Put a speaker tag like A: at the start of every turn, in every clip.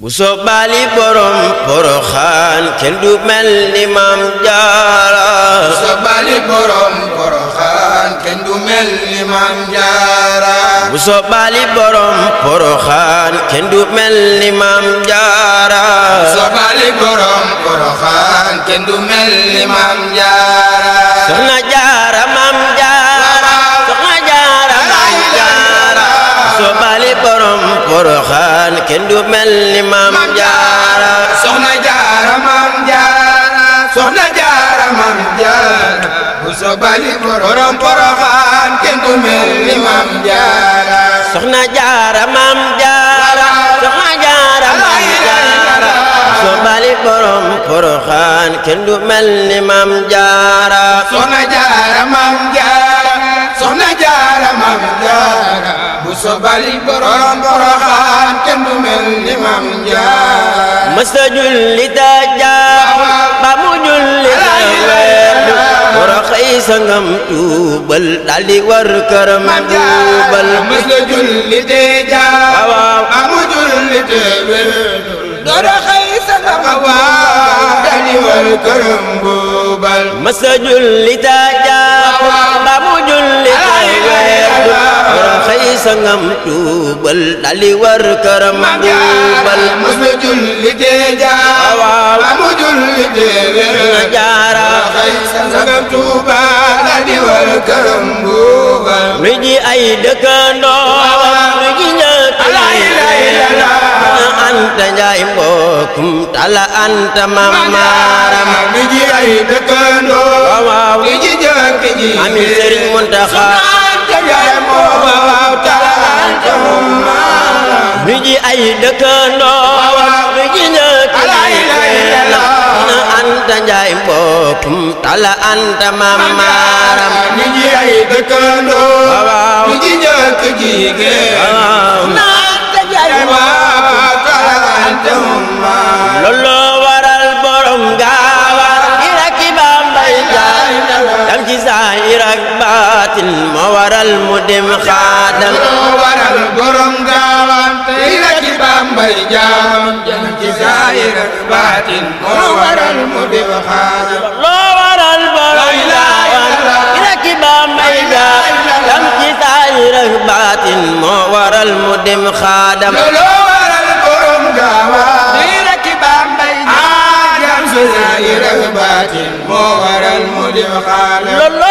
A: bu soobaali borom poroxaan kenn du mel ni maam jaara bu soobaali borom poroxaan kenn du mel ni maam jaara bu soobaali borom poroxaan kenn du mel ni maam jaara bu soobaali borom poroxaan kenn du mel ni maam jaara soxna jaara maam jaara soxna jaara maam jaara bu soobaali borom poroxaan Alxuraan kenn du mel ni maam jaara soxna jaara maam jaara soxna jaara maam jaara bu soo bali borom poroxaan kenn du mel ni maam jaara soxna jaara maam jaara soxna jaara maam jaara bu soo bali borom poroxaan kenn du mel ni maam jaara sobali borom boroxaan kenn du mel ni maam Njaay mësta julli dajjaab ba mu julli daweedu boroxay sangam tuubal daldi war këram tuubal mësta julli dajjaab ba mu julli daweedu boroxay sangam tuubal daldi war këram tuubal mësta julli dajjaab ba mu julli tey sangam tuubal dali war këram tuubal mosna julli tee jaar waaw mu julli tee wér na jaara tey sangam tuubal dali war këram tuubal nu ji ay dëkkandoo nu ji ñëkk anta njaay mbokkum tala anta mam maaram mi ji ay dëkkandoo waaw ji jàkk ji ami sëriñ Muntaxa ay waral borom gaawar irak i bambay jaay dam ci saa irak baatin waral mu dem xaadam waral borom gaawar la ci loo waral borom daal la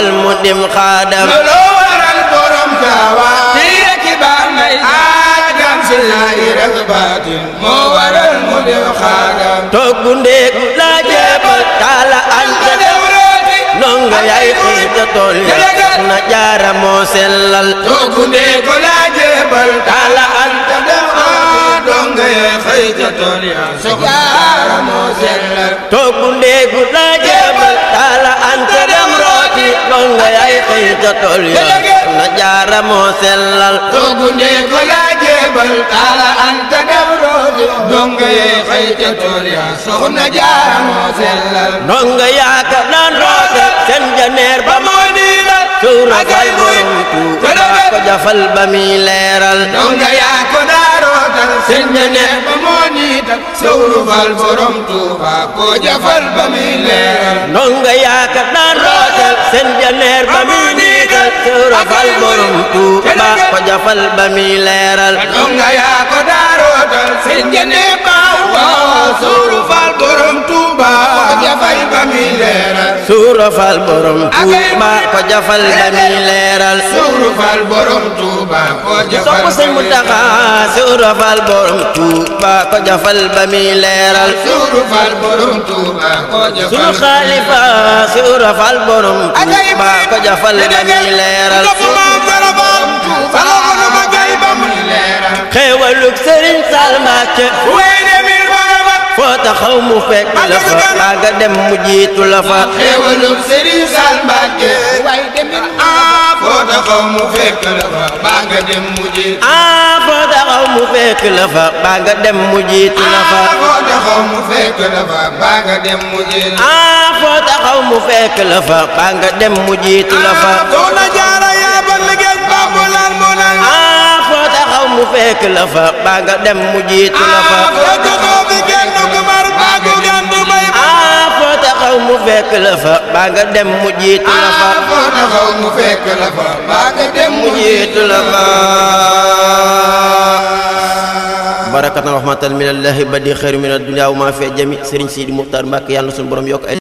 A: waral mu dim xaadam taala anta nonga yay nonga yay xiita tool ya jaara moo sellal ca tool ya na jaara moo sellal toogu ndee ko laa jéebal taala anta dawroodu donga yee xëy ca tool ya soxna jaara moo sellal donga yaa daan roote seen janeer ba moo diilal suura fal jafal ba muy leeral donga yaa ko daarootal ba moo niital sawru fal borom tuuba koo jafal ba muy leeral yaa ko daarootal ba muy niital sawru fal borom tuuba ko daarootal fal ba muy suuru fal borom Tuuba ko jafal ba muy leeral suuru fal borom Tuuba ko jafal sopp sëñ Muntaxa suuru fal borom Tuuba ko jafal ba muy leeral suuru fal borom Tuuba ko jafal sunu xaalifa suuru fal borom Tuuba ko jafal ba muy leeral xéewalug Sëriñ Sall Mbàkke foo taxaw mu fekk la fa maa nga dem mu jiitu la fa. xéwalub Serigne Sall Mbacke. waay demit ah foo taxaw mu fekk la fa maa nga dem mu jiitu. ah foo taxaw mu fekk la fa maa nga dem mu jiitu la fa. ah foo taxaw mu fekk la fa maa nga dem mu jiitu. ah foo taxaw mu fekk la fa maa nga dem mu jiitu la fa. ah foo taxaw mu fekk la fa maa nga dem mu jiitu la fa. taxaw mu fekk la fa baa nga dem mu jiitu la fa foo ah, taxaw mu fekk la fa baa nga dem mu jiitu la fa barakatan rahmatan minallahi badi xayru min ad-dunya wa ma fi jami Serigne Sidi Muxtaar Mbàkke yàlla na suñu borom yokk